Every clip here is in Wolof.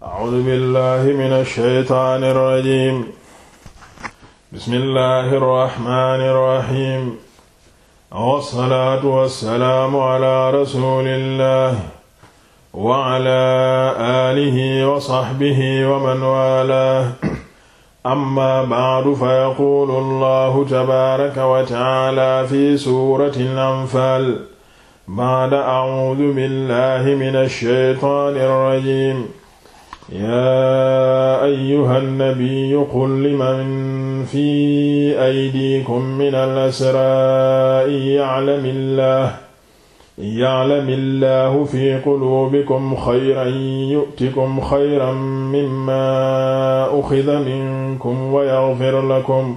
A'uuzu billaahi mina shaytaani rajiim. Bismillaahi rahmaani rahiim. Wassalaatu wassalaamu alaa rasuulillaahi wa alaa aalihi wa sahbihi wa man waalaahu. Ammaa ba'du fayaquulu Allaahu tabaaraka wa ta'aalaa fi suuratil Anfaal. Ba'da a'uuzu billaahi mina shaytaani rajiim. yaa ayyuha nnabiyu qul liman fi aydikum min al-asraa ya'lamu llaahu ya'lamu llaahu fi quluubikum xayran yu'tikum xayran mimmaa uxida minkum wa yaghfir lakum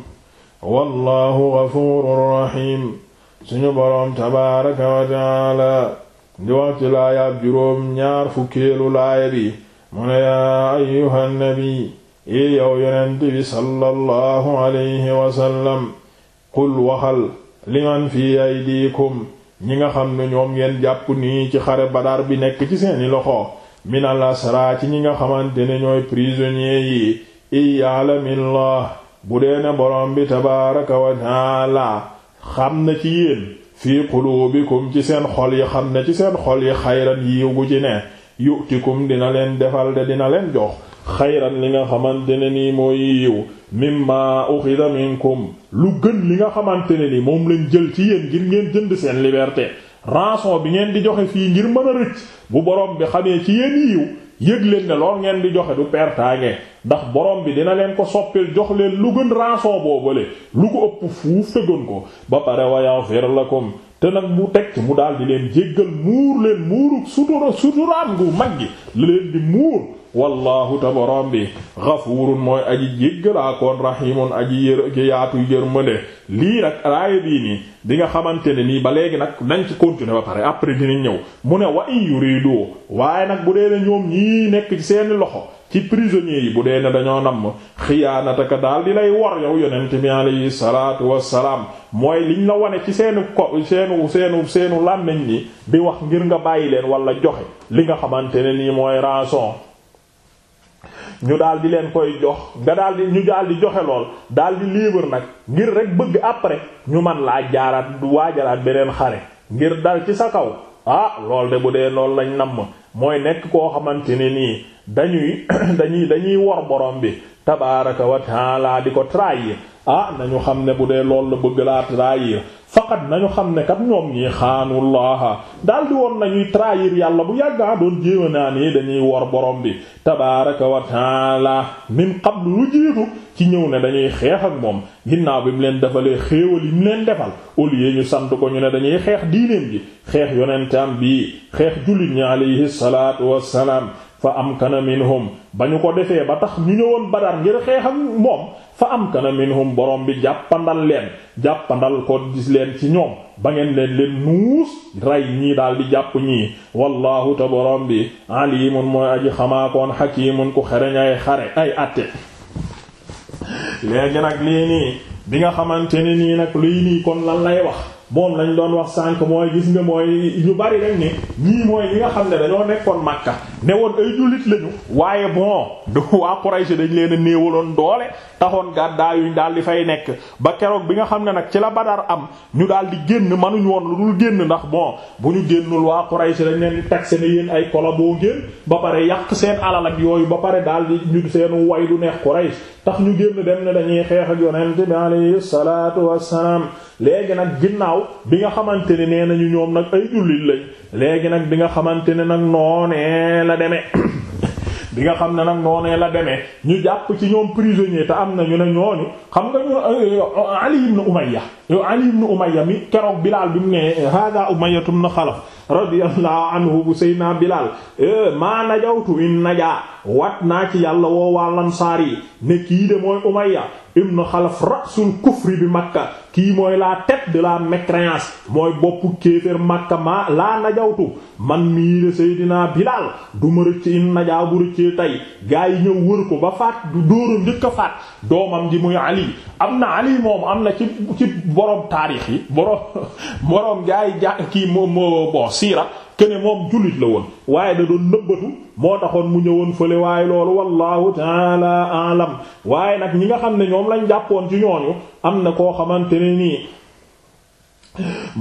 wallaahu gafuurun rahiim suñu boroom tabaaraka wa ta'aala di wax ci laaya juróom ñaar fukkeelu laaya bi mu ne yaa ayyuha nabi i yow yonent bi sallallahu alayhi wasallam qul waxal liman fi aydiikum ñi nga xam ne ñoom ngeen jàpp nii ci xare badar bi nekk ci seeni loxo minal asra ci ñi nga xamante ne ñooy prisonniers yi i yaalamillah bu dee ne boroom bi tabaaraka wa xam na ci yéen fii quluubikum ci seen xol yi xam na ci seen xol yi xayran yiw gu ci ne yu'tikum dina leen defal de dina leen jox xayran li nga xamante ne nii mooy yiw mimma ukhidha minkum lu gën li nga xamante ne nii moom lañ jël ci yéen ngir ngeen jënd seen liberté rançon bi ngeen di joxe fii ngir mën a rëcc bu borom bi xamee ci yéen yiw yëg leen ne lool ngeen di joxe du pertaange ndax borom bi dina leen ko soppil jox leen lu gën rançon boobale lu ko ëpp fuuf feggoon ko ba pare wa yaghfir lakum te nag mu teg mu daal di leen jéggal muur leen muuruk sutura suturaam gu mag gi la leen di muur wallahu te borom bi ghafuurun mooy aji jéggalaakoon rahimun aji yër ki yaatu yërmande lii nag aaya bii nii di nga xamante ne nii ba léegi nag nañ ci continuer ba pare après dinañ ñëw mu ne wa yu yuridu waaye nag bu dee ne ñoom ñii nekk ci seeni loxo ci prisonniers yi bu dee ne dañoo namm xiyaanataka daal di lay wor yow yonent bi alayhi salaatu salaam mooy liñ la wone ci seenu ko seenu seenu seenu làmmiñ ñi bi wax ngir nga bàyyi leen wala joxe li nga xamante ne nii mooy rançon ñu daal di leen koy jox nga daal di ñu daal di joxe lool daal di libre nag ngir rek bëgg après ñu man laa jaaraat waajalaat beneen xare ngir dal ci sa kaw ah lool de bu dee loolu lañ namm mooy nekk koo xamante ne nii dañuy dañuy dañuy wor borom bi tabaaraka wa taala di ko trahir ah nañu xam ne bu dee loolu la bëgg laa trahir na nañu xam ne kat ñoom ñii xaanullaha daal di woon nañuy trahir yàlla bu yàggaa ah, doon jéema naa nii dañuy wor borom bi tabaaraka wa taala min qablu lu jiitu ci ñëw ne dañuy xeex ak moom ginnaaw bi mu leen defalee xéewal yi mu leen defal au lieu ñu sant ko ñu ne dañuy xeex diineem ji xeex yonentam bi xeex jullit ñi alayhi salaatu wassalaam fa amkana minhum ba ñu ko defee ba tax ñu ñëwoon Badar ngir xeexam moom fa am minhum borom bi jàppandal leen jàppandal ko gis leen ci ñoom ba ngeen leen leen nuus rey ñii daal di jàpp ñii wallahu te borom bi alimun mooy aji xamaakoon hakimun ku xereñ ay xare ay atte léegi nag lii nii bi nga xamante ne nii nag luy nii kon lan lay wax moom lañ doon wax sànk mooy gis nga mooy ñu bari dañ ne ñii mooy ñi nga xam ne dañoo nekkoon Makka ne woon ay jullit lañu waaye bon du waa Quraysh dañ leen a néewaloon doole taxoon gàddaa yuñ daal di fay nekk ba keroog bi nga xam ne nag ci la Badar am ñu daal di génn manuñ woon lu dul génn ndax bon bu ñu génnul waa Quraysh dañ leen di tax seen yéen ay kolo boo génn ba pare yàq seen alal ak yooyu ba pare daal di ñu seen way du neex Quraysh tax ñu génn dem ne dañuy xeex ak yonent bi alayhi salaatu wassalaam léegi nag ginnaaw bi nga xamante ne nee nañu ñoom nag ay jullit lañ léegi nag bi nga xamante ne nag noonee la demee bi nga xam ne nag noonee la demee ñu jàpp ci ñoom prisonnier te am na ñu ne ñooñu xam nga ñu Ali ibn Umayya Ali ibn Umayya mi keroog Bilaal bi mu ne hada Umayya ibn Xalaf radiyallahu anhu bu Seydina Bilaal eh, maa najawtu in najaa wat naa ci yàlla woo waa Ansaar yi ne kii de mooy Umayya ibn Xalaf rasul kufri bi Makka kii mooy la tête de la mécréance mooy boppu kéeféer Makka laa najawtu man mii de Seydina Bilaal du ma rëcc in najaa bu rëccee tey gaa ñëw wër ko ba faat du dóoru njëkk faat doomam ji muy Ali am na Ali moom am na ci ci boroom taarix yi boroom boroom gaa yi ja kii moom bon siira kene moom jullit la woon waaye da doon nëbbatu moo taxoon mu ñëwoon fële waaye loolu wallahu taala alam waaye nag ñi nga xam ne ñoom lañ jàppoon ci ñooñu am na koo xamante ne nii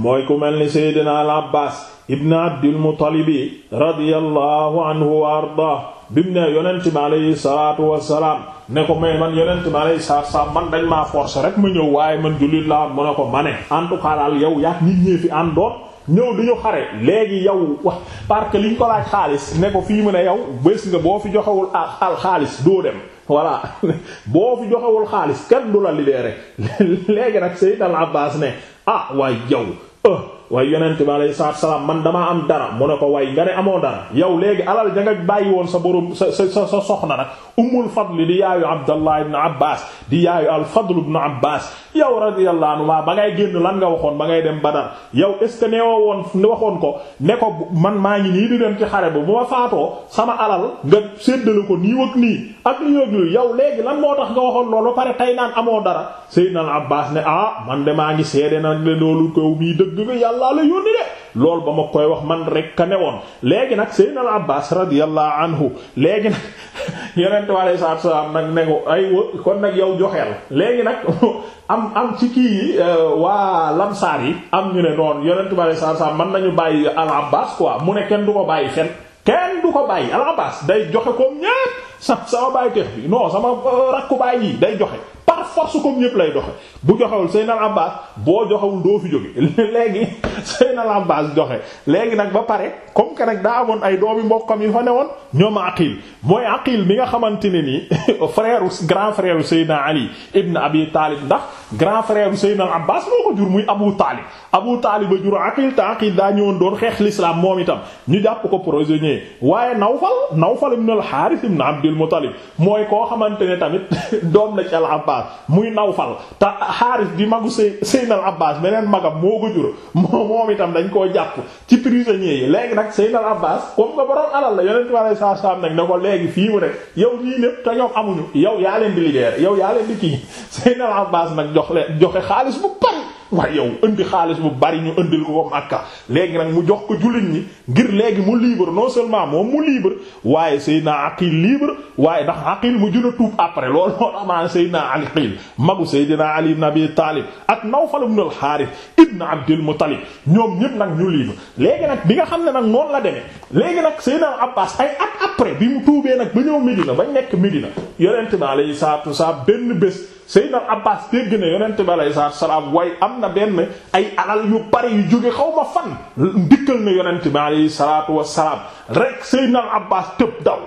mooy ku mel ni Seydina al Abbaas ibn Abdul Muttalibi radiyallahu anhu wa ardaa bi mu ne yonent bi alayhi salaatu wassalaam ne ko mais man yonent ma lay saar saar man dañ maa forcer rek ma ñëw waaye man jullit laa mu ne ko ma ne en tout cas daal yow yaa nit ñee fi àndoon ñëw du ñu xare léegi yow wax parce que liñ ko laaj xaalis ne ko fii mu ne yow bés nga boo fi joxewul al xaalis doo dem voilà boo fi joxewul xaalis kenn du la libéré léegi nag Sayyid al Abbas ne ah waaye yow euh, waaye yonent bi alayhi salaatu salaam man damaa am dara mu ne ko way nga ne amoo dara yow léegi alal ja bàyyi woon sa borom sa sa sa soxna nag ummul fadli di yaayu abdallah ibn abbas di yaayu al fadl ibn abbas yow radiyallahu anhu ba ngay génn lan nga waxoon ba ngay dem badar yow est ce que nee woon waxoon ko ne ko man maa ngi nii di dem ci xare bu bu ma faatoo sama alal nga séddale ko nii ak nii ak nii ak nii yow léegi lan moo tax nga waxoon loolu pare tey naan amoo dara sayyidna al abbas ne ah man de maa ngi seede nag de loolu kow mii dëgg yàllaa la yónni de loolu ba ma koy wax man rek a ne woon léegi nag Seydina Abbaas radiyallahu anhu léegi nag yonent bi alayhi salaatu salaam nag ne ko ay kon nag yow joxeel léegi nag am am ci kii yi euh, waa lamsaar yi am ñu ne noonu yonent bi alayhi salaatu salaam mën nañu bàyyi al Abbaas quoi mu ne kenn du ko bàyyi fenn kenn du ko bàyyi al Abbaas day joxe koom ñépp sa sama bàyyi teex bi non sama euh, rakku bàyyi day joxe par force comme ñëpp lay doxe bu joxewul Seynal Abbas boo joxewul doo fi jóge léegi Seynal Abbas joxe léegi nag ba pare comme comme nag daa amoon ay doomi mbokkam yu fa newoon ñoom Aqil mooy Aqil mi nga xamante ne nii frère grand frère Seydina Ali ibn Abi Talib ndax grand frère Seydina Abbas moo ko muy Abu Talib Abu Talib jur Aqil te Aqil daa ñëwoon doon xeex l'islam moom itam ñu jàpp ko prisonnier waaye Nawfal Nawfal ibn al-Harith ibn Abdul Muttalib mooy koo xamante ne tamit doom la ci al-Abbas muy Nawfal te Harith bi magu Seydina al-Abbas beneen magam moo ko jur moom itam dañ koo jàpp ci prisonnier yi léegi nag Seydina Abbas comme nga borom alal la yonent bi alayhi salaam nag ne ko léegi fii mu ne yow ñii lépp te ñoom amuñu yow yaa leen di libérer yow yaa leen di kii Seydina Abbas nag jox leen joxe xaalis bu bari waaye yow indi xaalis bu bari ñu indil ko ko Makka léegi nag mu jox ko jullit ñi ngir léegi mu libre non seulement moom mu libre waaye Seydina Aqil libre waaye ndax Aqil mu jën a tuub après loolu moo amaan Seydina Aqil magu Seydina Ali ibn Abi Talib ak Nawfal ibn al-Harith ibn Abdul Muttalib ñoom ñëpp nag ñu libre léegi nag bi nga xam ne nag noonu la demee léegi nag Seydina Abbas ay at après bi mu tuubee nag ba ñëw Médina ba nekk Médina yonent bi alayhi salaatu wa salaam benn bés Seydina Abbas dégg na yonent bi alayhi salaatu salaam waaye am na benn ay alal yu bari yu jóge xaw ma fan ndikkal na yonent bi alayhi salaatu wassalaam rek Seydina Abbas tëb daw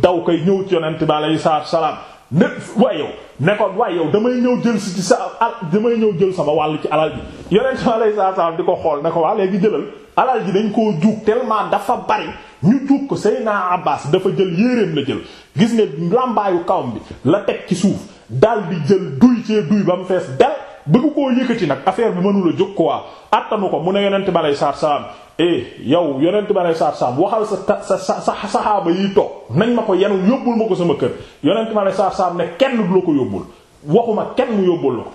daw koy ñëw ci yonent bi alayhi salaatu salaam ne waaye yow ne ko waaye yow damay ñëw jël si ci sa al damay ñëw jël sama wàll ci alal ji yonent bi alayhi salaatu salaam di ko xool ne ko waa léegi jëlal alal ji dañ koo juug tellement dafa bari ñu juug ko Seydina Abbas dafa jël yéeréem la jël gis ne làmbaayu kaw bi la teg ci suuf daal di jël duy cee duy ba mu fees del mu koo yëkkati nag affaire bi mënula jóg quoi attanu ko mu ne yonent bi aleyhi salaatu salaam eh, yow yonent bi aleyhi salaatu salaam waxal sa sa sa saxaaba yi toog nañ ma ko yenu yóbbul ma ko sama kër yonent bi aleyhi salaatu salaam ne kenn du la ko yóbbul waxuma kenn mu yóbbul la ko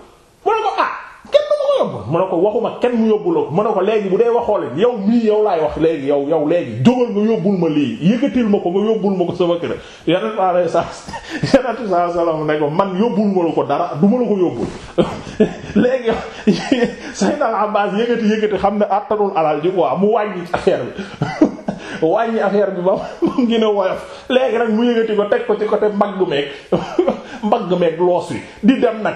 yóbbu mu ne ko waxuma kenn mu yóbbu la ko mu ne ko léegi bu dee waxoo leen yow mii yow laay wax léegi yow yow léegi jógal nga yóbbul ma lii yëkkatil ma ko nga yóbbul ma ko sama kër yeneen alayhi salaatu sa salaam ne ko man yóbbul ma la ko dara du ma la ko yóbbul léegi Sayyidina Abbaas yëkkati yëkkati xam ne attanul alal ji quoi mu wàññi affaire bi wàññi affaire bi ba mu gën a woyof léegi nag mu yëgati ko teg ko ci côté mbagg meeg mbagg meeg loos wi di dem nag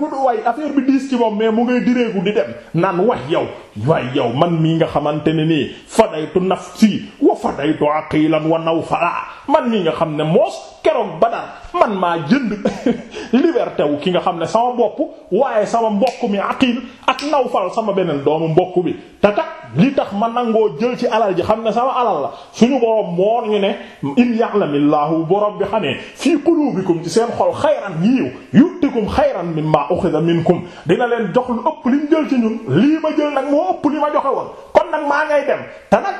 gudd way affaire bi diis ci moom mais mu ngay direeku di dem naan wax yow waay yow man mii nga xamante ne nii fadaytu nafsi wa fadaytu aqilan wa nawfala man mii nga xam ne moos keroog Badar man maa jënd liberté wu ki nga xam ne sama bopp waaye sama mbokk mi aqil ak nawfal sama beneen doomu mbokk bi tata li tax ma nangoo jël ci alal ji xam ne sama alal la suñu borom moo ñu ne in ya'lamillahu borom bi xamee fii qulubikum ci seen xol xayran yiiw yutikum xayran mimma ukhidha minkum dina leen jox lu ëpp liñ jël ci ñun lii ba jël nag moo ëpp li ma joxe woon kon nag maa ngay dem te nag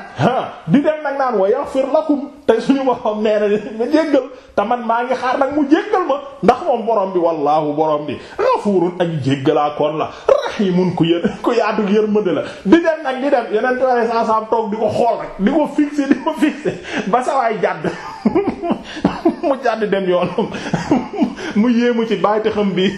di dem nag naan wa yaghfir lakum te suñu borom nee na ma jéggal te man maa ngi xaar nag mu jéggal ma ndax moom borom bi wallaahu borom bi ghafurun ak jéggalaa koon la rahimun ku yë ku yaatu yërmande la di dem nag di dem yeneen tuare saa saa toog di ko xool rek di ko fixé di ko fixé ba sa waay jàdd mu jàdd dem yoonam mu yéemu ci bàyyi xam bi.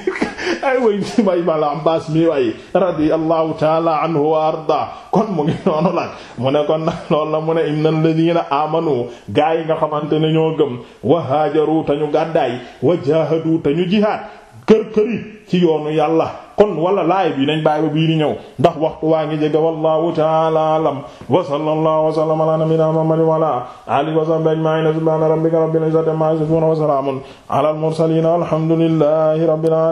ay way bay bala Abbaas mi way radiyallahu taala anhu wa arda kon mu ngi noonu la mu ne kon na loolu la mu ne innal ladina amanu gaa yi nga xamante ne ñoo gëm wa haajaru tañu gàddaay wa jaahadu tañu jihaad kër këri ci yoonu yàlla kon wala laay bi nañ bàyyi ba bii di ñëw ndax waxtu waa ngi jege wallahu ta'ala alam wa sallallahu wa sallama ala nabiyyina muhammad wa ala alihi wa sahbihi ajma'in subhana rabbika rabbil izzati amma yasifun wa salamun ala al mursalin alhamdulillahi rabbil alamin